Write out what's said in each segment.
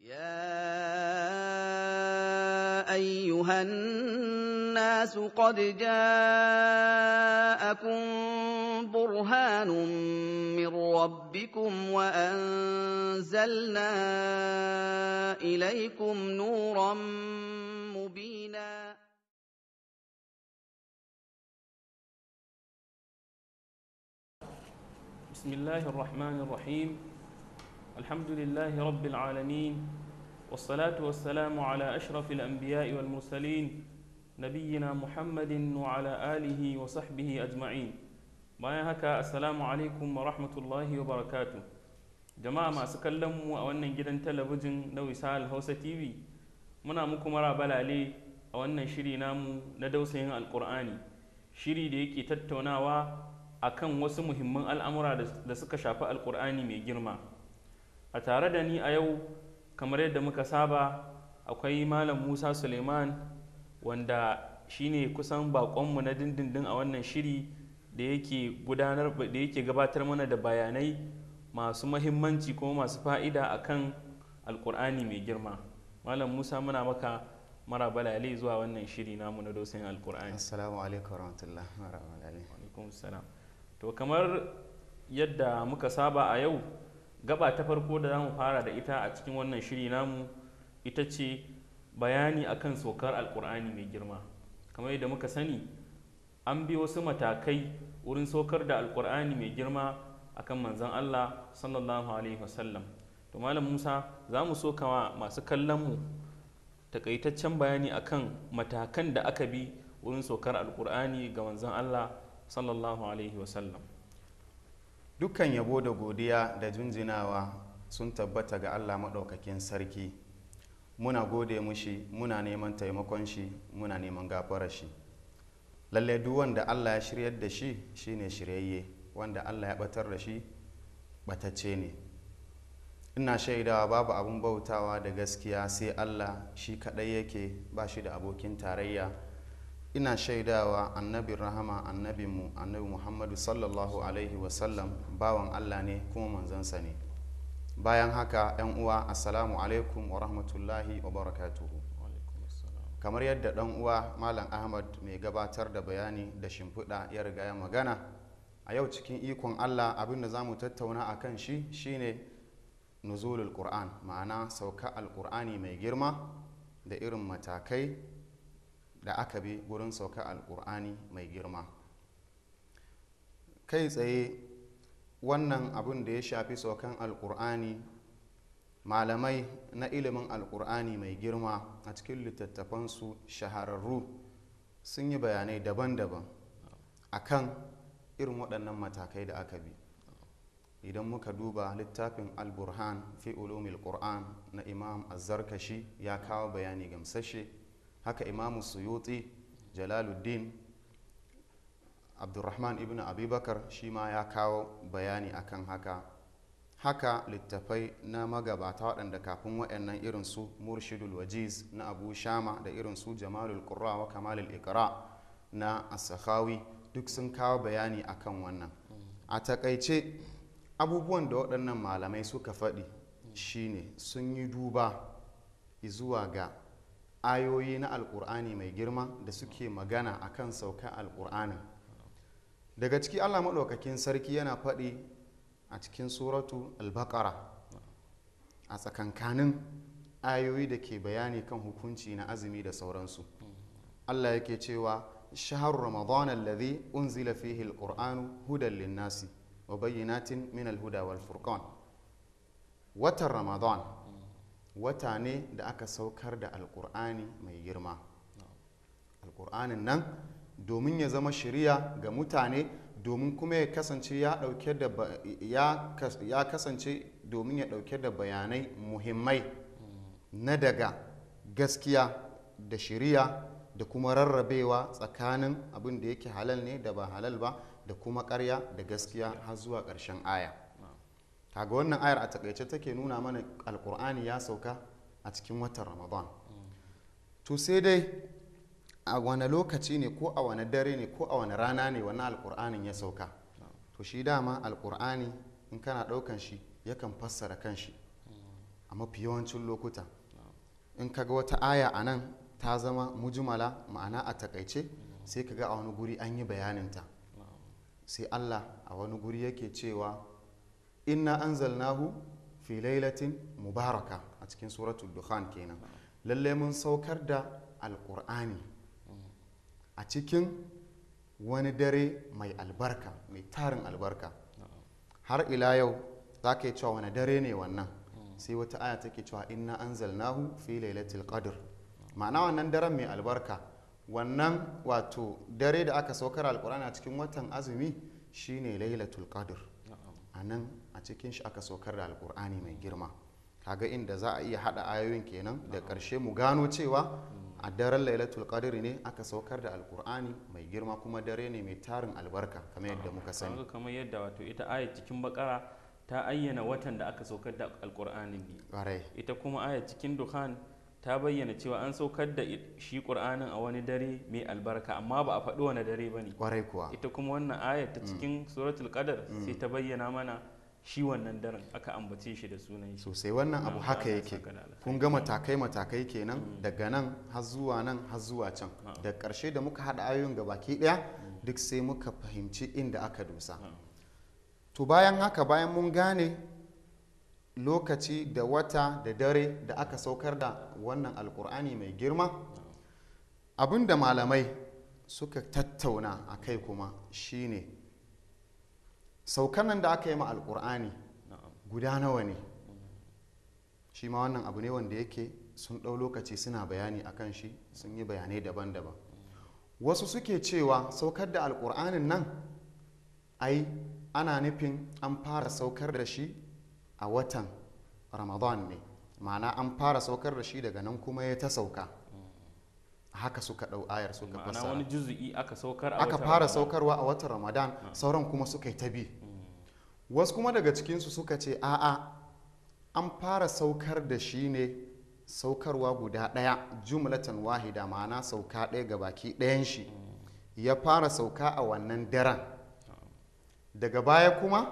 يا ايها الناس قد جاءكم برهان من ربكم وانزلنا اليكم نورا مبينا بسم الله الرحمن الرحيم الحمد لله رب العالمين والصلاة والسلام على أشرف الأنبياء والمرسلين نبينا محمد وعلى آله وصحبه أجمعين bayan haka asalamu alaikum wa rahmatullahi wa barakatu jama'a masu kallon mu a wannan gidan talabijin na wisal hausa tv muna muku mara balale a wannan shiri namu na dausayin alkur'ani shiri da yake tattaunawa akan wasu muhimman al'amura da suka shafi alkur'ani mai girma a tare da ni a yau kamar yadda muka saba akwai malam musa suleiman wanda shine kusan bakonmu na dindindin a wannan shiri da yake gudanar gabatar mana da bayanai masu mahimmanci kuma masu fa'ida akan alkur'ani mai girma malam musa muna maka mara balale zuwa wannan shiri namu na dosin alkur'ani assalamu alaikum warahmatullah mara balale alaikum salam to kamar yadda muka saba a yau gaba ta farko da zamu fara da ita a cikin wannan shiri namu ita ce bayani akan saukar alkur'ani mai girma kamar yadda muka sani an bi wasu matakai wurin saukar da alkur'ani mai girma akan manzan allah sallallahu alaihi wasallam to malam musa za mu sokawa masu kallonmu takaitaccen bayani akan matakan da aka bi wurin saukar alkur'ani ga manzan allah sallallahu alaihi wasallam dukkan yabo da godiya da jinjinawa sun tabbata ga allah maɗaukakin sarki muna gode mushi muna neman taimakon shi muna neman gafarar shi lalle duk wanda allah ya shiryar da shi shine shiryayye wanda allah ya batar da shi batacce ne ina shaidawa babu abin bautawa da gaskiya sai allah shi kaɗai yake ba shi da abokin tarayya ina shaidawa annabin rahama annabinmu annabi muhammadu sallallahu alaihi wasallam bawan allah ne kuma manzansa ne bayan haka yan uwa assalamu alaikum wa rahmatullahi wa barakatuhu kamar yadda dan uwa malam ahmad mai gabatar da bayani da shimfiɗa ya riga ya magana a yau cikin ikon allah abinda za mu tattauna a kan shi shine nuzulul qur'an ma'ana sauka alqur'ani mai girma da irin matakai da aka bi gurin sauka alkur'ani mai girma kai tsaye wannan abin da ya shafi saukan alkur'ani malamai na ilimin alkur'ani mai girma a cikin littattafansu shahararru sun yi bayanai daban-daban a kan irin waɗannan matakai da aka bi idan muka duba littafin alburhan fi ulumil qur'an na imam azzarkashi ya kawo bayani gamsashe haka imamu suyuti jalaluddin abdurrahman ibn abubakar shi ma ya kawo bayani akan haka haka littafai na magabata waɗanda kafin waɗannan irin su murshidul wajiz na abu shama da irin su jamalul qurra wa kamalul ikra na asakawi duk sun kawo bayani akan wannan a takaice abubuwan da waɗannan malamai suka faɗi shine sun yi duba zuwa ga ayoyi na alkur'ani mai girma da suke magana akan sauka alkur'anin daga ciki allah maɗaukakin sarki yana faɗi a cikin suratu albakara a tsakankanin ayoyi da ke bayani kan hukunci na azumi da sauransu allah yake cewa shahar ramadan alladhi unzila fihi alqur'anu hudan linnasi wa bayyinatin min alhuda wal furqan watan ramadan wata ne da aka saukar da alkur'ani mai girma alkur'anin nan domin ya zama shiriya ga mutane domin kuma ya kasance ya dauke da ya kasance domin ya dauke da bayanai muhimmai na daga gaskiya da shiriya da kuma rarrabewa tsakanin abin da yake halal ne da ba halal ba da kuma karya da gaskiya har zuwa ƙarshen aya kaga wannan ayar a takaice take nuna mana alkur'ani ya sauka a cikin watan ramadan to sai dai a wane lokaci ne ko a wane dare ne ko a wane rana ne wannan alkur'anin ya sauka to shi dama alkur'ani in kana ɗaukan shi yakan fassara kanshi a mafi yawancin lokuta in kaga wata aya a nan ta zama mujmala ma'ana a takaice sai kaga a wani guri an yi bayaninta sai allah a wani guri yake cewa inna anzalnahu fi lailatin mubaraka a cikin suratul dukhan kenan lalle mun saukar da alkur'ani a cikin wani dare mai albarka mai tarin albarka har ila yau za ka yi cewa wani dare ne wannan sai wata aya take cewa inna anzalnahu fi lailatul qadr ma'ana wannan daren mai albarka wannan wato dare da aka saukar alkur'ani a cikin watan azumi shine lailatul qadr a nan a cikin shi aka saukar da alkur'ani mai girma kaga inda za a iya hada ayoyin kenan da karshe mu gano cewa a daren lailatul qadr ne aka saukar da alkur'ani mai girma kuma dare ne mai tarin albarka kamar yadda muka sani kamar yadda wato ita aya cikin bakara ta ayyana watan da aka saukar da alkur'ani ita kuma aya cikin duhan ta bayyana cewa an saukar da shi qur'anin a wani dare mai albarka amma ba a faɗi wani dare ba ne ita kuma wannan ayar ta mm. cikin suratul qadar mm. sai ta bayyana mana shi wannan daren aka ambace shi da sunan shi sosai wannan abu haka yake kun ga matakai matakai kenan mm. daga nan har zuwa nan har zuwa can da ƙarshe da muka haɗa ayoyin ga baki ɗaya mm. duk sai muka fahimci inda aka dosa to bayan haka bayan mun gane lokaci da wata da dare da aka saukar da wannan alkur'ani mai girma abin da malamai suka tattauna a kai kuma shine saukan nan da aka yi ma alkur'ani guda nawa ne shi ma wannan abu ne wanda yake sun ɗau lokaci suna bayani a kan shi sun yi bayanai daban-daban wasu suke cewa saukar da alkur'anin nan ai ana nufin an fara saukar da shi a watan ramadan ne ma'ana an fara saukar da shi daga nan kuma ya ta sauka haka suka ɗau ayar suka fassara wani juzu'i aka saukar aka fara saukarwa a watan ramadan ah. sauran kuma suka yi ta bi hmm. wasu kuma daga cikinsu suka ce a'a an fara saukar da shi ne saukarwa guda ɗaya jumlatan wahida ma'ana sauka ɗaya ga baki ɗayan shi hmm. ya fara sauka a wannan daren daga baya kuma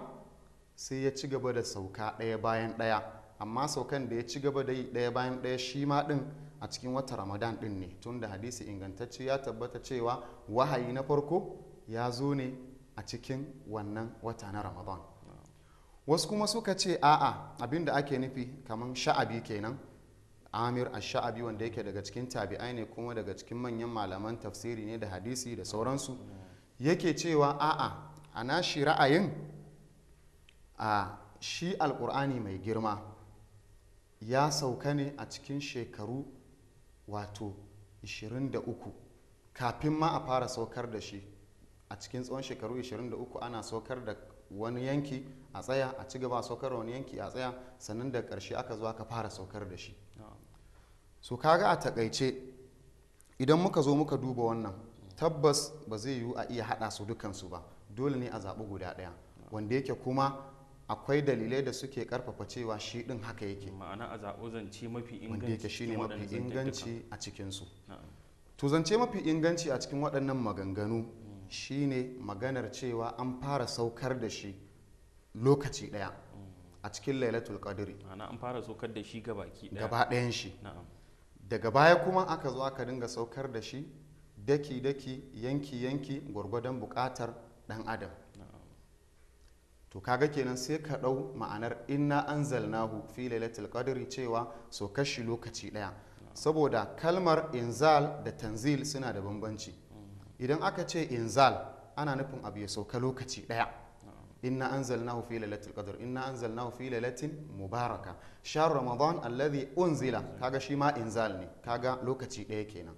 sai ya ci gaba da sauka ɗaya bayan ɗaya amma saukan da ya ci gaba da yi ɗaya bayan ɗaya shi ma ɗin a cikin wata ramadan din ne tun da hadisi ingantacce ya tabbata cewa wahayi na farko ya zo ne a cikin wannan wata na ramadan wasu kuma suka ce a'a da ake nufi kamar sha'abi kenan amir a shaabi wanda yake daga cikin tabi'ai ne kuma daga cikin manyan malaman tafsiri ne da hadisi da sauransu yake cewa a'a a nashi ra'ayin a shi alkur'ani mai girma ya sauka ne a cikin shekaru wato 23 kafin ma a fara saukar da shi a cikin tsawon shekaru 23 ana saukar da wani yanki a tsaya a ci gaba saukar wani yanki a tsaya sannan da ƙarshe aka zo aka fara saukar da shi so kaga a takaice idan muka zo muka duba wannan tabbas ba zai yiwu a iya haɗa su dukansu ba dole ne a zaɓi guda ɗaya wanda yake kuma akwai dalilai da suke karfafa cewa shi din haka yake ma'ana a zaɓo zance mafi inganci wanda yake shine mafi inganci a cikinsu to zance mafi inganci a cikin waɗannan maganganu shine maganar cewa an fara saukar da shi lokaci ɗaya mm. a cikin lailatul qadri ma'ana an fara saukar da shi gabaki ɗaya gaba ɗayan shi daga baya kuma aka zo aka dinga saukar da shi daki-daki yanki-yanki gwargwadon buƙatar ɗan adam to kaga kenan sai ka ɗau ma'anar inna anzalnahu fi lailatul qadri cewa so kashi lokaci ɗaya saboda kalmar inzal da tanzil suna da bambanci idan aka ce inzal ana nufin abu ya sauka lokaci ɗaya inna anzalnahu fi lailatul qadr inna anzalnahu fi lailatin mubaraka shahr ramadan alladhi unzila kaga shi ma inzal ne kaga lokaci ɗaya kenan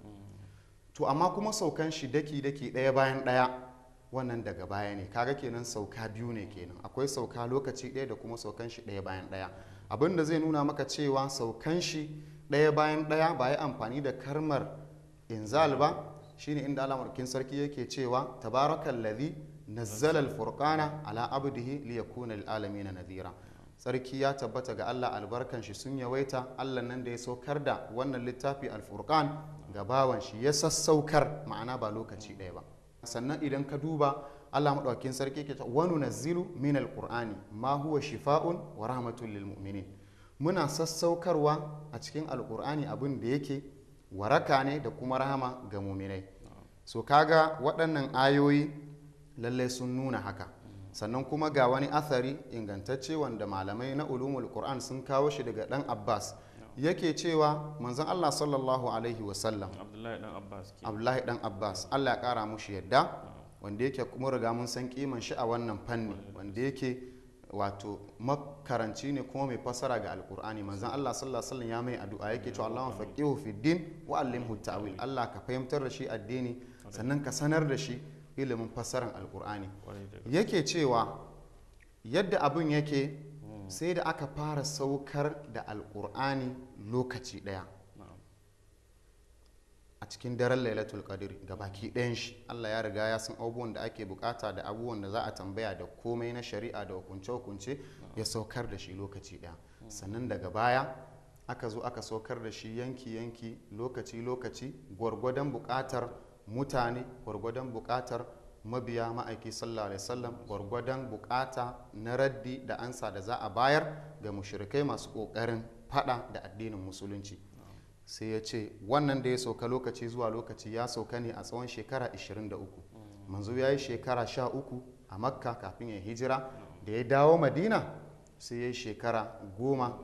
to amma kuma saukan shi daki daki ɗaya bayan ɗaya wannan daga baya ne kaga kenan sauka biyu ne kenan akwai sauka lokaci ɗaya da kuma saukan shi ɗaya bayan ɗaya abin da zai nuna maka cewa saukan shi ɗaya bayan ɗaya ba amfani da karmar inzal ba shine inda alamarkin sarki yake cewa tabarakan ladhi nazzala al-furqana ala abdihi liyakuna lil nadhira sarki ya tabbata ga Allah albarkan shi sun yawaita Allah nan da ya saukar da wannan littafi alfurkan ga bawan shi ya sassaukar ma'ana ba lokaci ɗaya ba sannan idan ka duba Allah maɗaukin sarki ke wani nunazzilu min alƙur'ani ma huwa shifa'un wa rahmatun lil mu'minin muna sassaukarwa a cikin alqur'ani abin da yake waraka ne da kuma rahama ga mu'minai so kaga waɗannan ayoyi lallai sun nuna haka sannan kuma ga wani athari ingantacce wanda malamai na ulumul qur'an sun kawo shi daga dan abbas yake cewa manzon Allah sallallahu alaihi wasallam Abdullahi dan Abbas Allah ya kara mushi yadda wanda yake kuma riga mun san kiman shi a wannan fanni wanda yake wato makaranci ne kuma mai fasara ga alkur'ani manzon Allah sallallahu alaihi wasallam ya mai addu'a yake cewa Allahumma faqihu fi din wa allimhu ta'wil Allah ka fahimtar da shi addini sannan ka sanar da shi ilimin fasaran alkur'ani yake cewa yadda abun yake hmm. sai da aka fara saukar da alkur'ani lokaci ɗaya a cikin daren lailatul qadr ga baki ɗayan shi Allah ya riga ya san abubuwan da ake bukata da abubuwan da za a tambaya da komai na shari'a da hukunce-hukunce ya saukar da shi lokaci ɗaya sannan daga baya aka zo aka saukar da shi yanki-yanki lokaci-lokaci gwargwadon buƙatar mutane gwargwadon buƙatar mabiya ma'aiki sallallahu alaihi wasallam gwargwadon bukata na raddi da ansa da za a bayar ga mushrikai masu kokarin Faɗa da addinin musulunci sai ya ce wannan da ya sauka lokaci zuwa lokaci ya sauka ne a tsawon shekara 23 manzo ya yi shekara 13 a makka kafin ya hijira da ya dawo madina sai ya yi shekara goma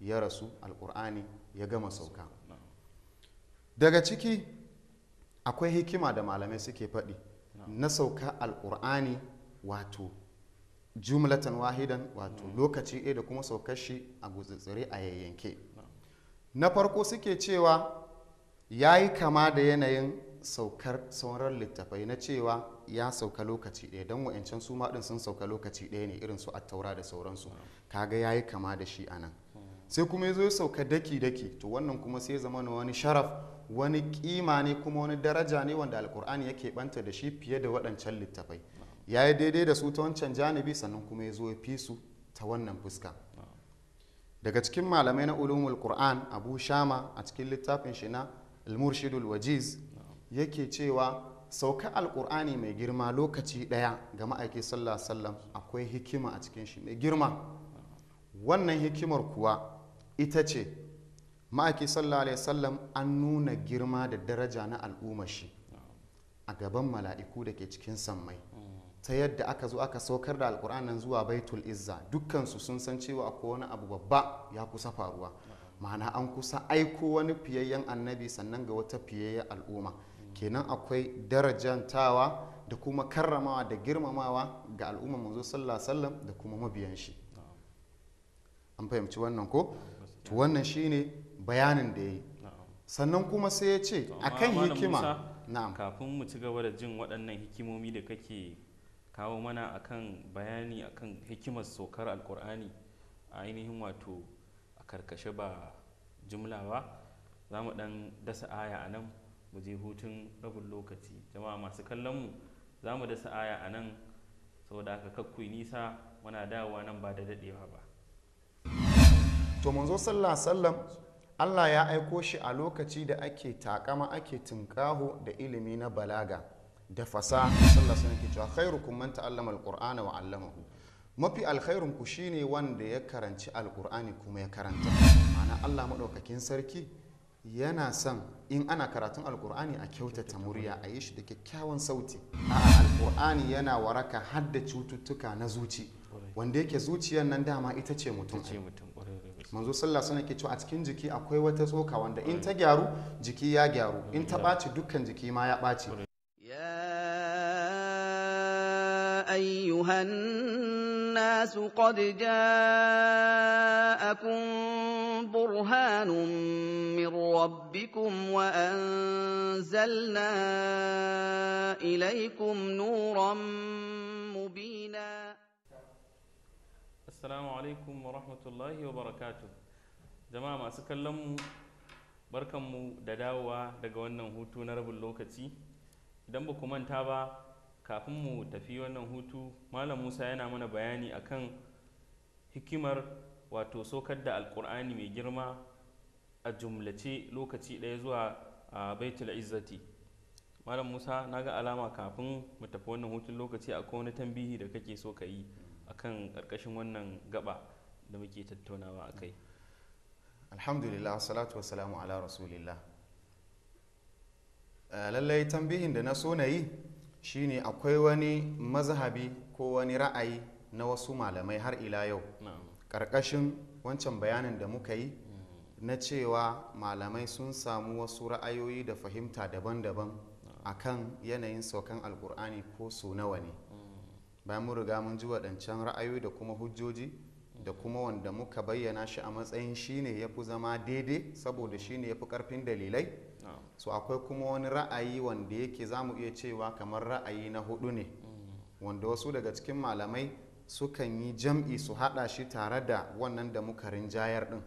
ya rasu alkur'ani ya gama sauka daga ciki akwai hikima da malamai suke faɗi na sauka alkur'ani wato jumlatan wahidan wato lokaci ɗaya da kuma saukar shi a gutsitsire a yayyanke na farko suke cewa ya yi kama da yanayin saukar sauran littafai na cewa ya sauka lokaci ɗaya don wa'ancan su maɗin sun sauka lokaci ɗaya ne irin su attaura da sauransu kaga ya yi kama da shi a nan sai kuma ya zo ya sauka daki-daki to wannan kuma sai zama na wani sharaf wani kima ne kuma wani daraja ne wanda alkur'ani yake banta da shi fiye da waɗancan littafai ya yi daidai da su ta wancan janibi sannan kuma ya zo ya fi su ta wannan fuska daga cikin malamai na ulumul qur'an abu shama a cikin littafin shi na al wajiz yake cewa sauka alkur'ani mai girma lokaci daya ga ma'aiki sallallahu sallam akwai hikima a cikin shi mai girma wannan hikimar kuwa ita ce ma'aiki sallallahu sallam an nuna girma da daraja na al'ummar shi a gaban mala'iku da ke cikin sammai ta yadda aka zo aka saukar da alkur'anin zuwa baitul izza dukkansu sun san cewa ko wani abu babba ya kusa faruwa ma'ana an kusa aiko wani fiyayyen annabi sannan ga wata fiyayyen al'umma kenan akwai darajantawa da kuma karramawa da girmamawa ga al'umma manzo sallallahu sallam da kuma mabiyan shi an fahimci wannan ko to wannan shine bayanin da yayi sannan kuma sai ya ce akan hikima na'am kafin mu ci gaba da jin waɗannan hikimomi da kake kawo mana akan bayani akan hikimar sokar alkur'ani a ainihin wato a karkashe ba jumla ba za mu dan dasa aya a nan mu je hutun rabin lokaci jama'a masu kallon mu za mu dasa aya a nan saboda haka kakkui nisa muna dawowa nan ba da dadewa ba to manzo alaihi wasallam Allah ya aiko shi a lokaci da ake takama ake tunkaho da ilimi na balaga da fasaha sallallahu alaihi cewa khairukum man ta'allama alqur'ana wa 'allamahu mafi alkhairun ku shine wanda ya karanci alqur'ani kuma ya karanta ma'ana Allah madaukakin sarki yana son in ana karatun alkur'ani a kyautata murya a yi shi da kyakkyawan sauti a alkur'ani yana waraka hadda cututtuka na zuci wanda yake zuciyar nan dama ita ce mutum manzo sallah suna ke cewa a cikin jiki akwai wata tsoka wanda in ta gyaru jiki ya gyaru in ta ɓaci dukkan jiki ma ya ɓaci أيها الناس قد جاءكم برهان من ربكم وأنزلنا إليكم نورا مبينا السلام عليكم ورحمة الله وبركاته جماعة ما سكلم barkanmu da dawowa daga wannan hutu na rabin lokaci idan ba ku manta ba kafin mu tafi wannan hutu malam musa yana mana bayani akan hikimar wato sokar da alkur'ani mai girma a jumlace lokaci ɗaya zuwa a baitul izzati malam musa na ga alama kafin mu tafi wannan hutun lokaci a wani tambihi da kake so ka yi a kan ƙarƙashin wannan gaba da muke tattaunawa a kai alhamdulillah salatu wasalamu ala rasulillah Eh, lallai tambihin da na so na yi shine akwai wani mazhabi ko wani ra'ayi na wasu malamai har ila yau ƙarƙashin wancan bayanin da muka yi mm. na cewa malamai sun samu wasu ra'ayoyi da fahimta daban-daban a kan yanayin saukan alkur'ani ko so nawa ne mm. bayan mu riga mun ji waɗancan ra'ayoyi da kuma hujjoji mm. da kuma wanda muka bayyana shi a matsayin shine ya fi zama daidai saboda shine ya fi ƙarfin dalilai so akwai kuma wani ra'ayi wanda yake za mu iya cewa kamar ra'ayi na hudu ne wanda wasu daga cikin malamai sukan yi jam'i su hada shi tare da wannan da muka rinjayar din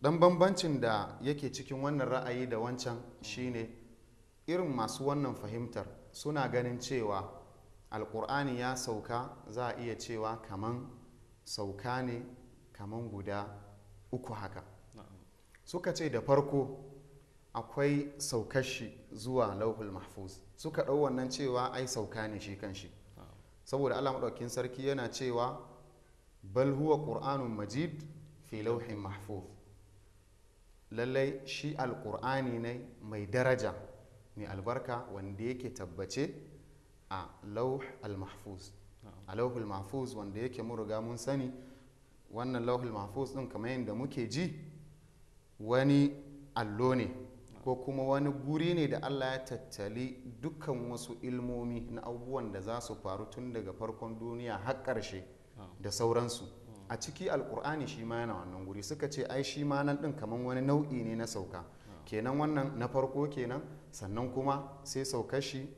dan bambancin da yake cikin wannan ra'ayi da wancan shine irin masu wannan fahimtar suna ganin cewa alkur'ani ya sauka za a iya cewa kaman sauka ne kaman guda uku haka suka ce da farko akwai saukar shi zuwa lauhul mahfuz suka ɗau wannan cewa ai sauka ne shi kan shi saboda allah maɗaukin sarki yana cewa bal huwa ƙur'anun majid fi lauhin mahfuz lallai shi alƙur'ani ne mai daraja mai albarka wanda yake tabbace a lauh a lauhul mahfuz wanda yake mu riga mun sani wannan lauhul mahfuz ɗin kamar yadda muke ji wani allo ne ko kuma wani guri ne da allah ya tattali dukkan wasu ilmomi na abubuwan da za su faru tun daga farkon duniya har ƙarshe da sauransu a ciki alkur'ani shi ma yana wannan guri suka ce ai shi ma nan ɗin kamar wani nau'i ne na sauka kenan wannan na farko kenan sannan kuma sai saukar shi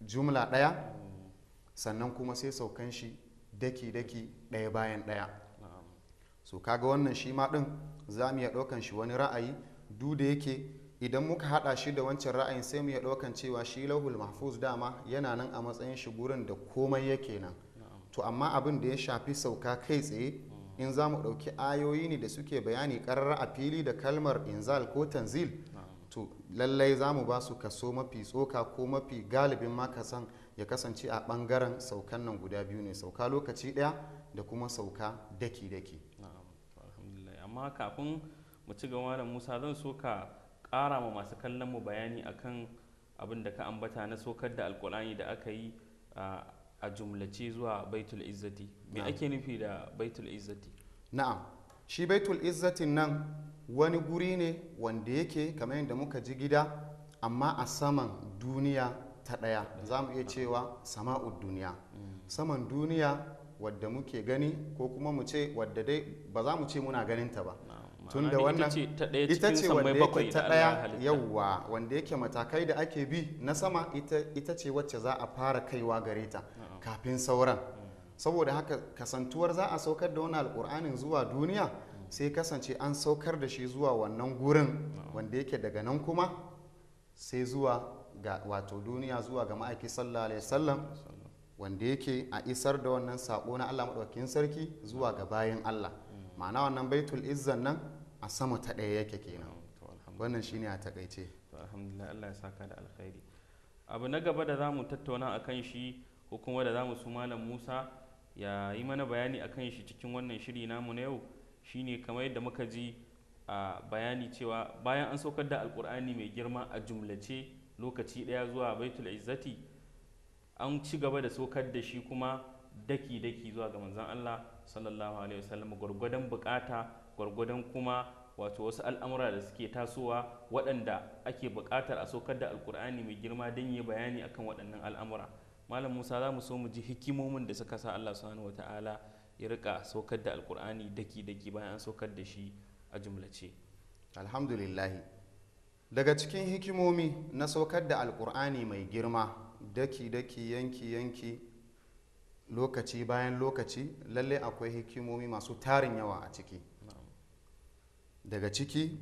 jumla ɗaya sannan kuma sai saukan shi daki-daki ɗaya bayan ɗaya so kaga wannan shi ma ɗin za mu iya ɗaukan shi wani ra'ayi du da yake idan muka hada shi da wancan ra'ayin sai mu ya daukan cewa shi lauhul mahfuz dama yana nan a matsayin shi gurin da komai yake nan to amma abin da ya shafi sauka kai tsaye in za mu ɗauki ayoyi ne da suke bayani karara a fili da kalmar inzal ko tanzil to lallai za mu ba su kaso mafi tsoka ko mafi galibin ma kasan ya kasance a ɓangaren saukan nan guda biyu ne sauka lokaci ɗaya da kuma sauka daki-daki amma kafin mu ci gaba da musa zan so ka ƙara ma masu kallon mu bayani akan abin da ka ambata na sokar da alkur'ani da aka yi a jumlace zuwa baitul izzati me ake nufi da baitul izzati na'am shi baitul izzatin nan wani guri ne wanda yake kamar yadda muka ji gida amma a saman duniya ta ɗaya za mu iya cewa sama'ud duniya mm. saman duniya wadda muke gani ko kuma mu ce wadda dai ba za mu ce muna ganinta ba tun da wannan ita ce wanda yake ta ɗaya yauwa wanda yake matakai da ake bi na sama ita ce wacce za a fara kaiwa gare ta kafin sauran hmm. saboda haka kasantuwar za a saukar da wani alƙur'anin zuwa duniya hmm. sai kasance an saukar da shi zuwa wannan gurin wanda yake daga nan kuma sai zuwa ga wato duniya zuwa ga ma'aiki sallallahu alaihi wasallam wanda yake a isar da wannan sako na Allah madaukakin sarki zuwa ga bayan Allah hmm. ma'ana wannan baitul izzan nan a sama ta ɗaya yake kenan wannan shine a takaice to alhamdulillah Allah ya saka da alkhairi abu na gaba da zamu tattauna akan shi ko kuma da zamu su malam Musa ya yi mana bayani akan shi cikin wannan shiri namu na yau shine kamar yadda muka ji a bayani cewa bayan an saukar da alkur'ani mai girma a jumlace lokaci ɗaya zuwa baitul izzati an ci gaba da saukar da shi kuma daki-daki zuwa ga manzon Allah sallallahu alaihi wasallam gwargwadon bukata gwargwadon kuma wato wasu al'amura da suke tasowa waɗanda ake buƙatar a saukar da alkur'ani mai girma don yi bayani akan waɗannan al'amura malam musa za mu so mu ji hikimomin da suka sa allah subhanahu wataala ya rika saukar da alkur'ani daki daki bayan an saukar da shi a jumlace alhamdulillahi daga cikin hikimomi na saukar da alkur'ani mai girma daki daki yanki yanki lokaci bayan lokaci lallai akwai hikimomi masu tarin yawa a ciki daga ciki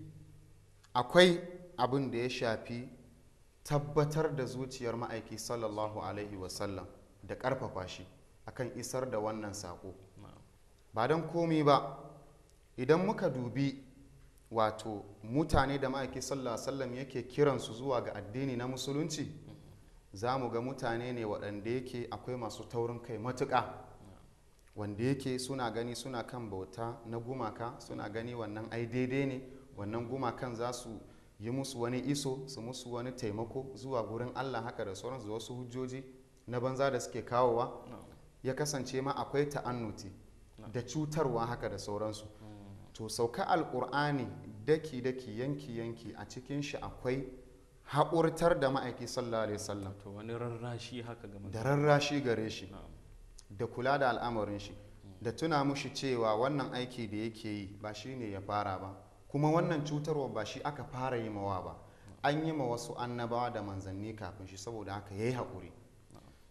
akwai abin da ya shafi tabbatar da zuciyar ma'aiki sallallahu alaihi wasallam da ƙarfafa shi akan isar da wannan saƙo ba don komi ba idan muka dubi wato mutane da ma'aiki sallallahu alaihi wasallam yake kiransu zuwa ga addini na musulunci za mu ga mutane ne waɗanda yake akwai masu taurin kai matuƙa wanda yake suna gani suna kan bauta na gumaka suna gani wannan ai daidai ne wannan gumakan za su yi musu wani iso su musu wani taimako zuwa gurin allah haka da sauransu wasu hujjoji na banza da suke kawowa ya kasance ma akwai ta'annuti da cutarwa haka da sauransu mm. to sauka alkur'ani daki-daki yanki-yanki a cikin shi akwai haƙurtar da ma'aiki sallallahu alaihi wasallam to wani rarrashi haka da rarrashi gare shi da kula da al'amarin shi da tuna mushi cewa wannan aiki da yake yi ba shi ne ya fara ba kuma wannan cutarwa ba shi aka fara yi mawa ba an yi ma wasu annabawa da manzanni kafin shi saboda haka ya yi haƙuri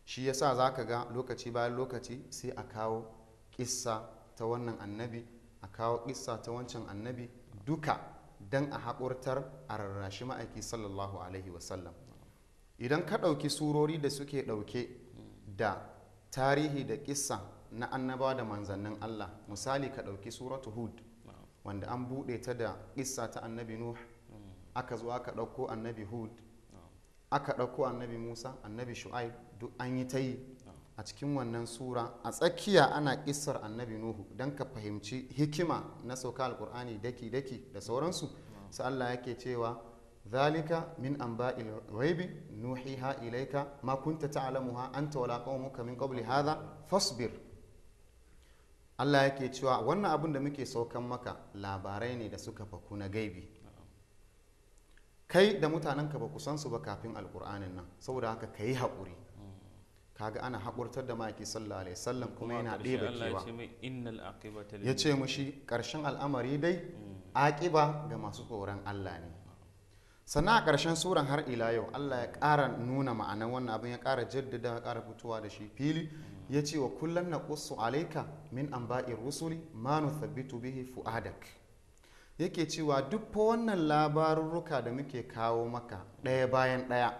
shi yasa za ka ga lokaci bayan lokaci sai a kawo ƙissa ta wannan annabi a kawo ƙissa ta wancan annabi duka don a haƙurtar a rarrashi ma'aiki sallallahu alaihi wasallam idan ka ɗauki surori da suke ɗauke da tarihi da kissa na annaba da manzannin Allah misali ka ɗauki suratu hud wanda an buɗe ta da kissa ta annabi nuh mm. aka zo aka ɗauko annabi hud aka ɗauko annabi musa annabi shu'aib duk an yi ta yi a cikin wannan sura a tsakiya ana kissar annabi nuhu don ka fahimci hikima na sauka alkur'ani daki-daki da sauransu sai Allah yake cewa ذلك من أنباء الغيب نوحيها إليك ما كنت تعلمها أنت ولا قومك من قبل هذا فاصبر Allah yake cewa wannan abin da muke saukan maka labarai ne da suka faku na gaibi kai da mutanenka ba ku san su ba kafin alkur'anin nan saboda haka ka yi haƙuri kaga ana haƙurtar da maki sallallahu alaihi wasallam kuma yana ɗeba kewa ya ce mushi ƙarshen al'amari dai aƙiba ga masu tsoron Allah ne sannan a ƙarshen suran har ila yau allah ya ƙara nuna ma'anar wannan abin ya ƙara jaddada ya ƙara fitowa da shi fili ya ce wa kullum na ƙusu alaika min an ba'i rusuli ma nuthabbitu bihi fu'adak yake cewa duk fa wannan labarurruka da muke kawo maka ɗaya bayan ɗaya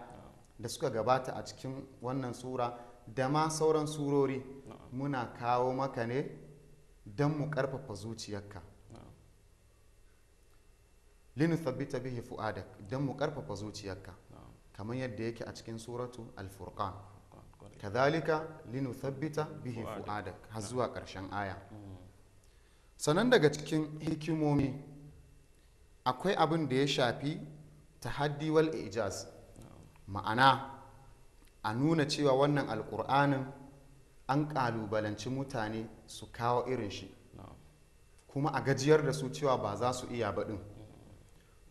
da suka gabata a cikin wannan sura da ma sauran surori muna kawo maka ne don mu ƙarfafa zuciyarka linu bihi fu'adak dan mu karfafa zuciyarka kamar yadda yake a cikin suratu al-furqan kadhalika linu bihi fu'adak har zuwa karshen aya mm. sanan daga cikin hikimomi akwai abin da ya shafi tahaddi wal ijaz ma'ana a nuna cewa wannan alkur'anin an kalubalanci mutane su kawo irin shi kuma a gajiyar da su cewa ba za su iya baɗin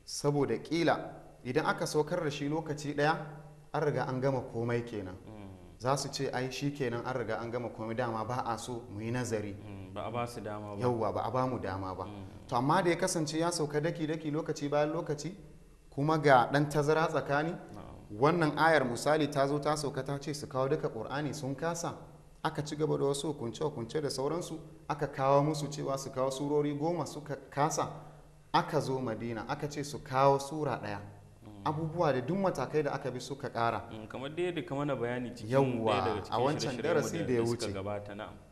saboda kila idan aka saukar da shi lokaci daya an riga an gama komai kenan mm. za su ce ai shi kenan an riga an gama komai dama ba a so mu yi nazari mm, ba a ba su dama ba yauwa ba a ba mu dama ba mm. to amma da ya kasance ya sauka daki daki lokaci bayan lokaci kuma ga dan tazara tsakani wannan ayar misali ta zo ta sauka ta ce su kawo duka qur'ani sun kasa aka ci gaba da wasu hukunce hukunce da sauransu aka kawo musu cewa su kawo surori goma suka kasa aka zo madina aka ce su kawo sura ɗaya abubuwa da duk matakai da aka bi suka ƙara mm, kamar da yadda kamar na bayani cikin yawa a wancan darasi da ya wuce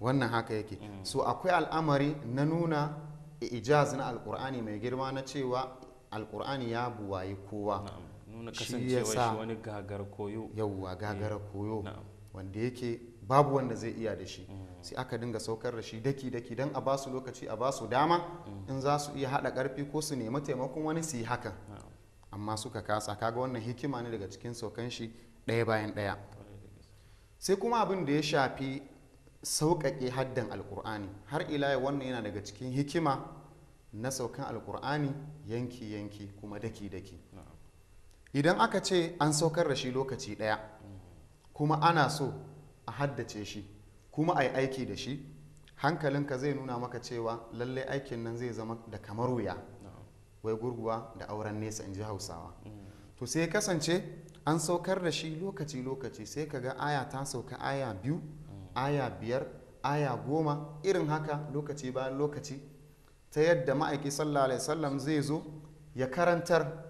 wannan haka yake mm. so akwai al'amari na nuna ijaz na alkur'ani mai girma na cewa alkur'ani ya buwaye kowa nuna kasancewa shi wani gagar koyo yawwa gagar eh, koyo wanda yake babu wanda zai iya da shi sai aka dinga saukar da shi daki daki don a basu lokaci a basu dama in za su iya haɗa ƙarfi ko su nemi taimakon wani su yi hakan amma suka kasa kaga wannan hikima ne daga cikin saukan shi ɗaya bayan ɗaya sai kuma abin da ya shafi sauƙaƙe haddan alƙur'ani har ila wannan yana daga cikin hikima na saukan alƙur'ani yanki yanki kuma daki daki idan aka ce an saukar da shi lokaci ɗaya kuma ana so a haddace shi kuma a yi aiki da shi hankalinka zai nuna maka cewa lallai aikin nan zai zama da kamar wuya wai gurguwa da auren nesa in ji hausawa to sai kasance an saukar da shi lokaci-lokaci sai ka ga aya ta sauka aya biyu aya biyar aya goma irin haka lokaci bayan lokaci ta yadda ma'aiki sallallahu sallam zai zo ya karantar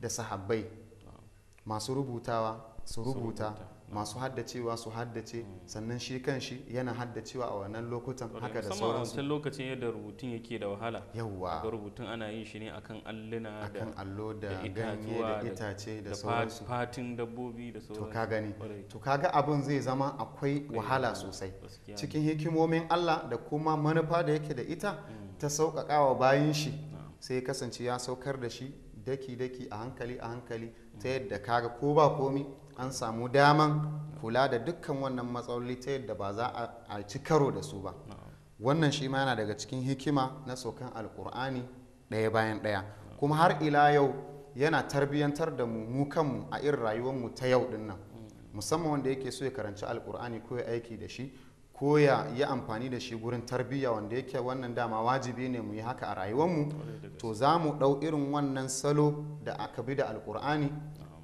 da sahabbai masu rubutawa su rubuta masu haddacewa su haddace hmm. sannan shi kan shi yana haddacewa a wannan lokutan haka da sauransu wancan lokacin yadda rubutun yake da wahala yawwa rubutun ana yin shi ne akan alluna akan allo da ganye da itace da sauransu fatin dabbobi da sauransu to ka gani to kaga abin zai zama akwai eh, wahala sosai cikin hikimomin Allah da kuma manufa da yake da ita hmm. ta sauƙaƙawa bayan shi sai kasance ya saukar da shi daki-daki a hankali a hankali ta hmm. yadda kaga ko ba komi an samu daman kula da dukkan wannan matsaloli ta yadda ba za a ci karo da su ba wannan shi ma yana daga cikin hikima na saukan alkur'ani ɗaya bayan ɗaya kuma har ila yau yana tarbiyyantar da mu mu kanmu a irin rayuwarmu ta yau dinnan nan mm. musamman wanda yake so ya karanci alkur'ani ko ya aiki da shi ko ya yi amfani da shi gurin tarbiyya wanda yake wannan dama wajibi ne mu yi haka a rayuwarmu to za mu ɗau irin wannan salo da aka bi da alkur'ani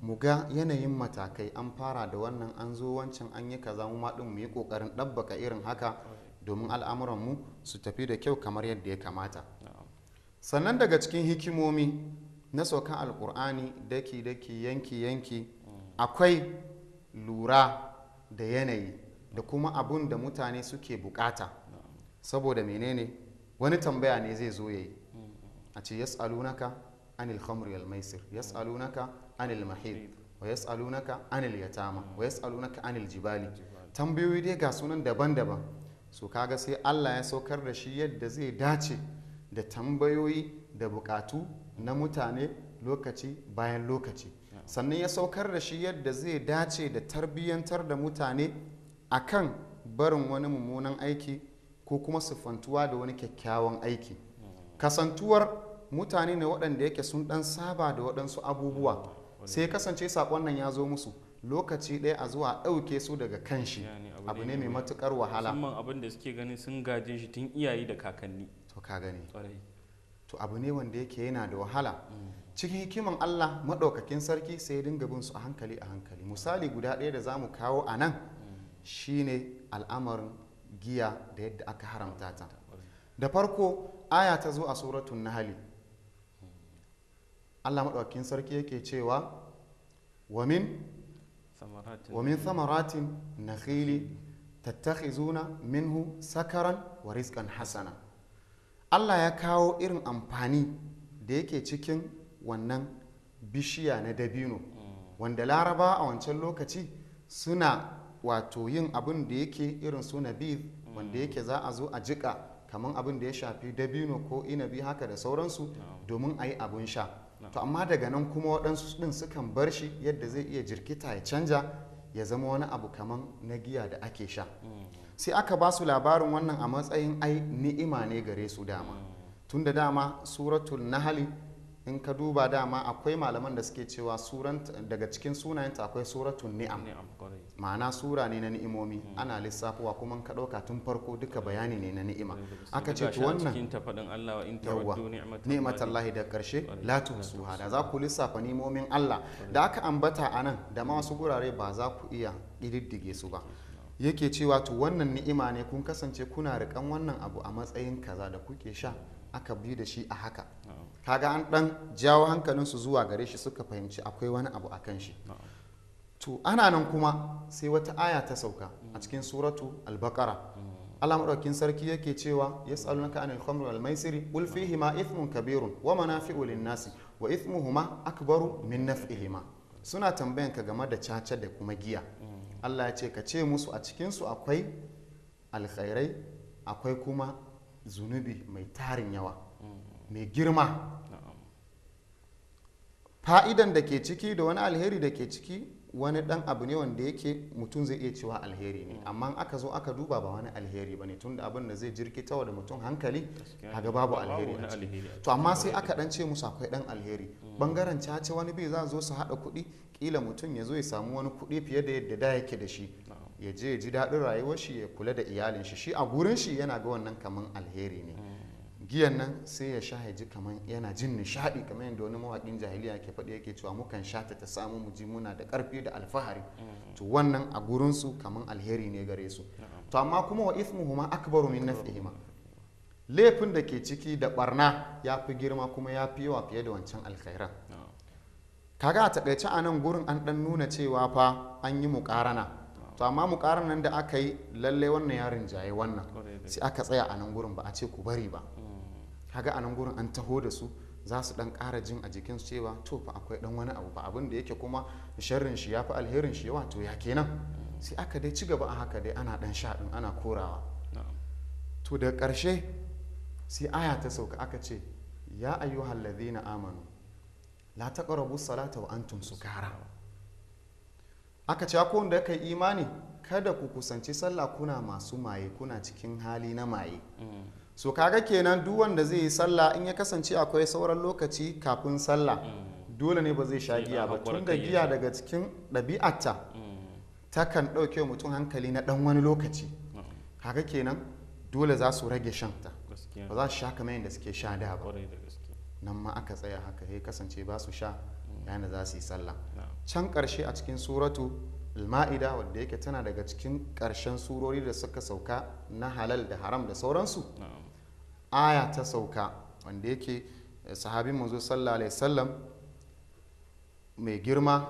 mu ga yanayin matakai an fara da wannan an zo wancan an yi kaza mu ma mu yi kokarin ɗabbaka irin haka domin al'amuran mu su tafi da kyau kamar yadda ya kamata sannan daga cikin hikimomi na saukan alkur'ani daki daki yanki yanki akwai lura da yanayi da kuma abun da mutane suke bukata saboda menene wani tambaya ne zai zo yayi a ce yas'alunaka anil khamri al maisir yas'alunaka anil mahid wa yas'alunaka anil yatama wa yas'alunaka anil jibali tambayoyi dai ga sunan daban-daban so ga sai Allah ya saukar da shi yadda zai dace da tambayoyi da bukatu na mutane lokaci bayan lokaci sannan ya saukar da shi yadda zai dace da tarbiyyantar da mutane akan barin wani mummunan aiki ko kuma sifantuwa da wani kyakkyawan aiki kasantuwar mutane ne waɗanda yake sun ɗan saba da waɗansu abubuwa sai kasance sakon nan ya zo musu lokaci ɗaya a zuwa ɗauke su daga kan shi abu ne mai matukar wahala musamman abin da suke ganin sun gaje shi tun iyaye da kakanni to ka gani to abu ne wanda yake yana da wahala mm. cikin hikiman Allah Madaukakin sarki sai ya dinga bin su a hankali a hankali misali guda ɗaya da zamu kawo a nan mm. shine al'amarin giya da yadda aka haramta ta da farko aya ta zo a suratun hali. allah maɗaukin sarki yake cewa wamin wamin samaratin na khili tattakhizuna minhu sakaran wa rizqan hasana allah ya kawo irin amfani da yake cikin wannan bishiya na dabino mm. wanda laraba a wancan lokaci suna wato yin abin da yake irin su nabiz mm. wanda yake za a zo a jika kamar abin da ya shafi dabino ko inabi haka da sauransu domin a yi abin sha to amma daga nan kuma waɗansu ɗin sukan bar shi yadda zai iya jirkita ya canja ya zama wani abu kaman na giya da ake sha mm. sai aka ba su labarin wannan a matsayin ai ni'ima ne gare su dama mm. tunda dama suratul nahali in ka duba dama akwai malaman da suke cewa daga cikin sunayenta akwai suratun ni'am ma'ana sura ne na ni'imomi ana lissafowa kuma ka ɗauka tun farko duka bayani ne na ni'ima aka ce to wannan yawwa ni'matallahi da karshe la tuhsuha da za ku lissafa ni'imomin Allah da aka ambata a nan da ma wasu gurare ba za ku iya ƙididdige su ba yake cewa to wannan ni'ima ne kun kasance kuna rikan wannan abu a matsayin kaza da kuke sha aka bi da shi a haka kaga an dan jawo su zuwa gare shi suka fahimci akwai wani abu akan shi to ana nan kuma sai wata aya ta sauka a cikin suratu albakara. Allah madaukakin sarki yake cewa yas'alunaka anil khamri wal maisiri ul fihi ma ithmun kabirun wa manafi'u lin-nasi wa ithmuhuma akbaru min naf'ihima suna tambayan ka game da caca da kuma giya Allah ya ce ka ce musu a cikin su akwai alkhairai akwai kuma zunubi mai tarin yawa mai girma fa'idan da ke ciki da wani alheri da ke ciki wani dan abu ne wanda yake mutum zai iya cewa alheri ne amma aka zo aka duba ba wani alheri ba ne tun da abin da zai jirkitawa da mutum hankali ga babu alheri a ciki to amma sai aka dan ce musu akwai dan alheri bangaren caca wani bai za zo su haɗa kuɗi kila mutum ya zo ya samu wani kuɗi fiye da yadda da yake da shi ya je ya ji daɗin rayuwar shi ya kula da iyalin shi shi a gurin shi yana ga wannan kaman alheri ne giyan nan sai ya sha ya ji kamar yana jin nishadi kamar yadda wani mawaƙin jahiliya ke faɗi yake cewa mukan sha ta ta samu mu ji muna da ƙarfi da alfahari mm. to wannan a gurin su kamar alheri ne gare su to amma kuma wa ithmuhuma akbaru min ma laifin da ke ciki da barna ya fi girma kuma ya fi yawa fiye da wancan alkhairan kaga a takaice a nan gurin an dan nuna cewa fa an yi muƙarana to amma nan da aka yi lallai wannan yarin jaye wannan sai aka tsaya a nan gurin ba a ce ku bari ba kaga a nan gurin an taho da su za su dan ƙara jin a jikinsu cewa to fa akwai dan wani abu ba abin da yake kuma sharrin shi ya fi alherin shi yawa to ya kenan sai aka dai ci gaba a haka dai ana dan sha din ana korawa to da ƙarshe sai aya ta sauka aka ce ya ayyuhal halazina amanu la taqrabu salata wa antum sukara aka ce ko wanda kai imani kada ku kusanci sallah kuna masu maye kuna cikin hali na maye mm. so kaga kenan duk wanda zai yi sallah in ya kasance akwai sauran lokaci kafin sallah mm. dole ne ba zai sha giya ba tun da giya daga cikin ɗabi'ata mm. ta kan ɗauke mutum hankali na ɗan wani lokaci mm. kaga kenan dole za su rage ta ba za su sha kamar yadda suke sha da ba nan ma aka tsaya haka ya kasance ba su sha yayin da za su yi sallah can karshe a cikin suratu al-ma'ida wadda yake tana daga cikin ƙarshen surori da suka sauka na halal da haram da sauransu aya ta sauka wanda yake eh, sahabin manzo sallallahu alaihi mai girma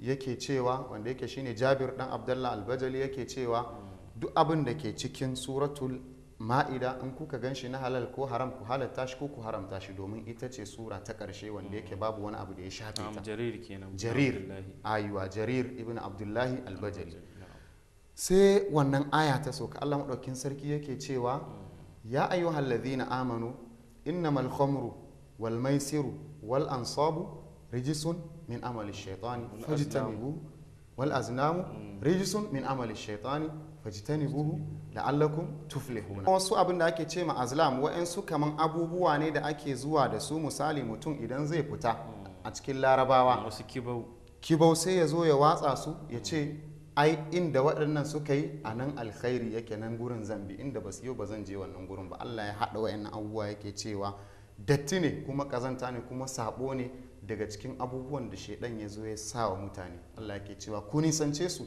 yake cewa wanda yake shine jabir dan abdullah albajali yake cewa duk abin da ke cikin suratul ma'ida in kuka gan shi na halal ko haram ku halatta shi ko ku haramta shi domin ita ce sura ta karshe wanda yake mm. babu wani abu da ya shafe ta jarir kenan jarir ayuwa jarir ibn abdullahi albajali sai wannan aya ta sauka Allah maɗaukin sarki yake cewa mm. ya ayyuhal ladhina amanu innamal khamru wal maisiru wal ansabu rijisun min amalin shaitani fajtanibu wal aznamu hmm. rijisun min amali shaitani tuflihuna wasu abin da ake ce ma azlam wa'ansu kamar abubuwa ne da ake zuwa da su misali mutum idan zai fita hmm. a cikin larabawa kibau sai ya zo ya watsa su ya ce ai inda waɗannan suka yi a nan alkhairi yake nan gurin zambi inda ba su yi ba zan je wannan gurin ba allah ya haɗa wa'annan abubuwa yake cewa datti ne kuma ƙazanta ne kuma saɓo ne daga cikin abubuwan da shaidan ya zo ya sa wa mutane allah yake cewa ku nisance su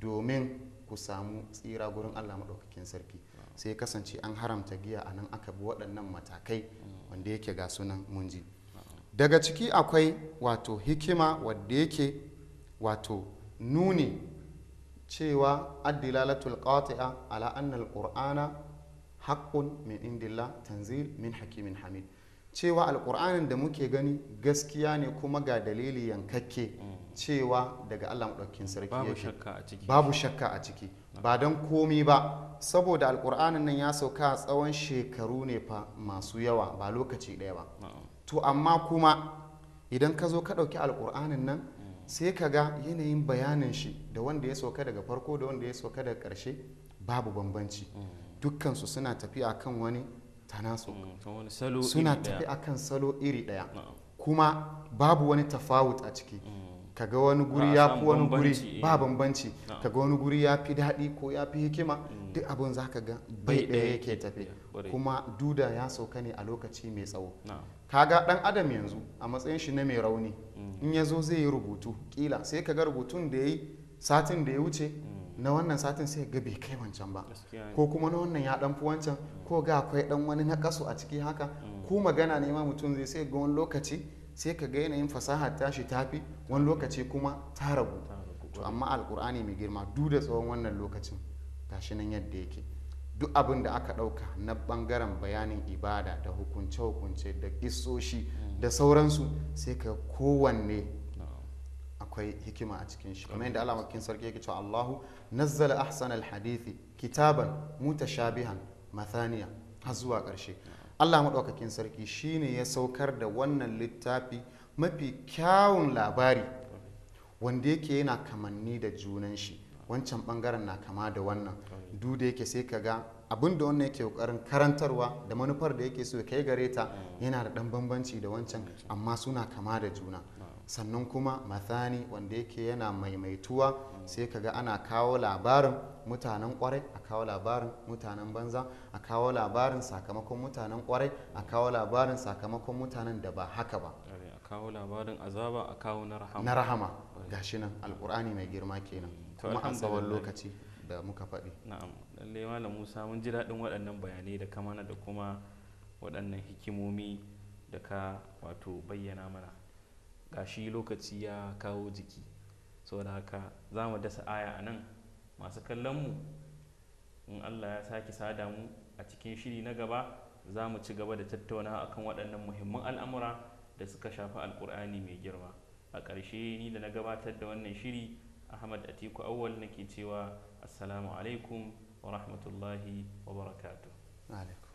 domin ku samu tsira gurin allah maɗaukakin sarki sai kasance an haramta giya a nan aka bi waɗannan matakai wanda yake ga sunan munji daga ciki akwai wato hikima wadda yake wato nuni cewa addilalatul qati'a ala anna alqur'ana haqqun min indillah tanzil min hakimin hamid cewa alqur'anin da muke gani gaskiya ne kuma ga dalili yankakke cewa daga Allah madaukakin sarki yake babu shakka a ciki ba dan komi ba saboda alqur'anin nan ya sauka tsawon shekaru ne fa masu yawa ba lokaci ɗaya ba to amma kuma idan ka zo ka ɗauki alqur'anin nan sai ka ga yanayin bayanin shi da wanda ya sauka daga farko da wanda ya sauka daga karshe babu bambanci dukkansu suna tafi akan wani tanaso mm, suna tafi akan salo iri daya kuma babu wani tafawut a ciki mm. kaga wani guri ya fi wani guri eh. ba bambanci kaga wani guri ya fi daɗi ko ya fi hikima mm. duk abin za ka ga bai ɗaya yake tafe kuma duda ya sauka ne a lokaci mai tsawo Ka ga dan adam yanzu a matsayin shi na mai rauni in ya zo zai yi rubutu kila sai ka ga rubutun da ya yi satin da ya wuce na wannan satin sai ga bai kai wancan ba ko kuma na wannan ya dan fi wancan ko ga akwai dan wani na kaso a ciki haka ko magana ne ma mutum zai sai ga wani lokaci sai ka ga yanayin fasaha ta shi tafi wani lokaci kuma ta rabu to amma alkur'ani mai girma duk da tsawon wannan lokacin gashi nan yadda yake duk abin da aka ɗauka na ɓangaren bayanin ibada da hukunce-hukunce da isoshi da sauransu sai ka kowanne akwai hikima a cikin shi kamar yadda Allah sarki yake cewa Allahu nazzala ahsan alhadithi kitaban Shabihan, mathaniya har zuwa ƙarshe Allah maɗaukakin sarki shine ya saukar da wannan littafi mafi kyawun labari wanda yake yana kamanni da junan shi wancan bangaren na kama da wannan du da yake sai ka ga abin da wannan yake kokarin karantarwa da manufar da yake so ya kai gare ta yana da dan bambanci da wancan amma suna kama da juna sannan kuma mathani wanda yake yana maimaituwa sai ka ga ana kawo labarin mutanen kwarai a kawo labarin mutanen banza a kawo labarin sakamakon mutanen kwarai a kawo labarin sakamakon mutanen da ba haka ba a kawo labarin azaba a kawo na rahama na rahama gashi nan alkur'ani mai girma kenan kuma an tsawon lokaci da muka faɗi na'am malam musa mun ji daɗin waɗannan bayanai da kamana da kuma waɗannan hikimomi da ka wato bayyana mana gashi lokaci ya kawo jiki saboda haka za mu dasa aya a nan masu mu. in allah ya sake sada mu a cikin shiri na gaba za mu ci gaba da tattauna akan waɗannan muhimman al'amura da suka shafi alkur'ani mai girma a ƙarshe ni da na gabatar da wannan shiri ahmad atiku awal nake cewa assalamu alaikum wa rahmatullahi wa barakatu alaikum